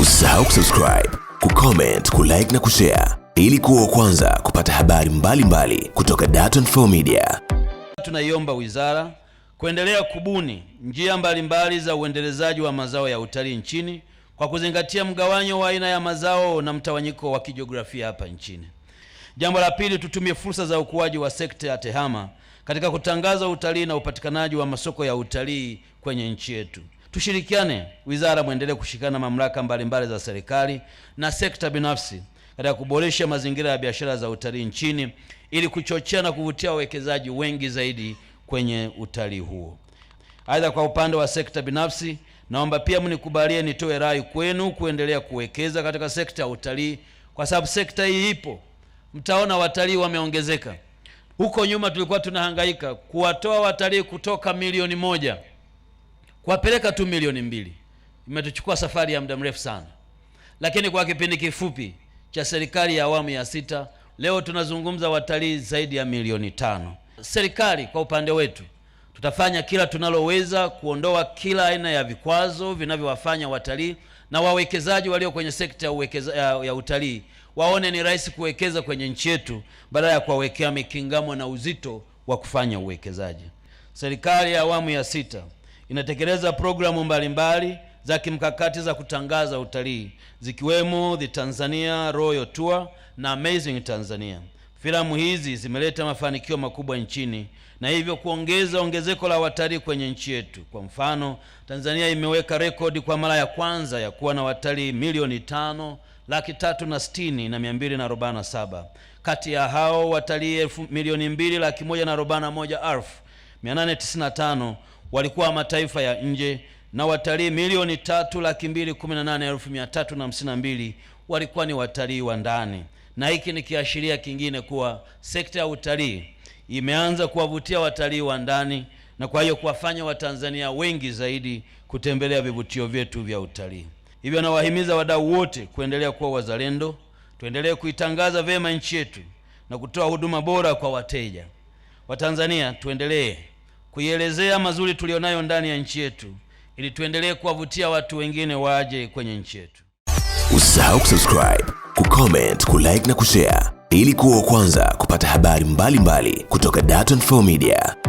Usisahau kusubscribe, kucomment, kulike na kushare ili kuwa kwanza kupata habari mbalimbali mbali kutoka Dar24 Media. Tunaiomba wizara kuendelea kubuni njia mbalimbali mbali za uendelezaji wa mazao ya utalii nchini kwa kuzingatia mgawanyo wa aina ya mazao na mtawanyiko wa kijiografia hapa nchini. Jambo la pili, tutumie fursa za ukuaji wa sekta ya TEHAMA katika kutangaza utalii na upatikanaji wa masoko ya utalii kwenye nchi yetu. Tushirikiane, wizara mwendelee kushikana mamlaka mbalimbali za serikali na sekta binafsi katika kuboresha mazingira ya biashara za utalii nchini ili kuchochea na kuvutia wawekezaji wengi zaidi kwenye utalii huo. Aidha, kwa upande wa sekta binafsi, naomba pia mnikubalie nitoe rai kwenu kuendelea kuwekeza katika sekta ya utalii, kwa sababu sekta hii ipo. Mtaona watalii wameongezeka. Huko nyuma tulikuwa tunahangaika kuwatoa watalii kutoka milioni moja kuwapeleka tu milioni mbili imetuchukua safari ya muda mrefu sana, lakini kwa kipindi kifupi cha serikali ya awamu ya sita, leo tunazungumza watalii zaidi ya milioni tano. Serikali kwa upande wetu tutafanya kila tunaloweza kuondoa kila aina ya vikwazo vinavyowafanya watalii na wawekezaji walio kwenye sekta ya, uwekeza, ya, ya utalii waone ni rahisi kuwekeza kwenye nchi yetu badala ya kuwawekea mikingamo na uzito wa kufanya uwekezaji. Serikali ya awamu ya sita inatekeleza programu mbalimbali za kimkakati za kutangaza utalii zikiwemo The Tanzania Royal Tour na Amazing Tanzania. Filamu hizi zimeleta mafanikio makubwa nchini na hivyo kuongeza ongezeko la watalii kwenye nchi yetu. Kwa mfano, Tanzania imeweka rekodi kwa mara ya kwanza ya kuwa na watalii milioni tano laki tatu na sitini na mia mbili na arobaini na saba. Kati ya hao watalii milioni mbili laki moja na arobaini na moja elfu mia nane tisini na tano walikuwa mataifa ya nje na watalii milioni tatu laki mbili kumi na nane elfu mia tatu na hamsini na mbili walikuwa ni watalii wa ndani, na hiki ni kiashiria kingine kuwa sekta ya utalii imeanza kuwavutia watalii wa ndani na kwa hiyo kuwafanya Watanzania wengi zaidi kutembelea vivutio vyetu vya utalii. Hivyo nawahimiza wadau wote kuendelea kuwa wazalendo, tuendelee kuitangaza vyema nchi yetu na kutoa huduma bora kwa wateja. Watanzania tuendelee kuielezea mazuri tuliyonayo ndani ya nchi yetu ili tuendelee kuwavutia watu wengine waje kwenye nchi yetu. Usisahau kusubscribe, kucomment, kulike na kushare ili kuwa wa kwanza kupata habari mbalimbali mbali kutoka Dar24 Media.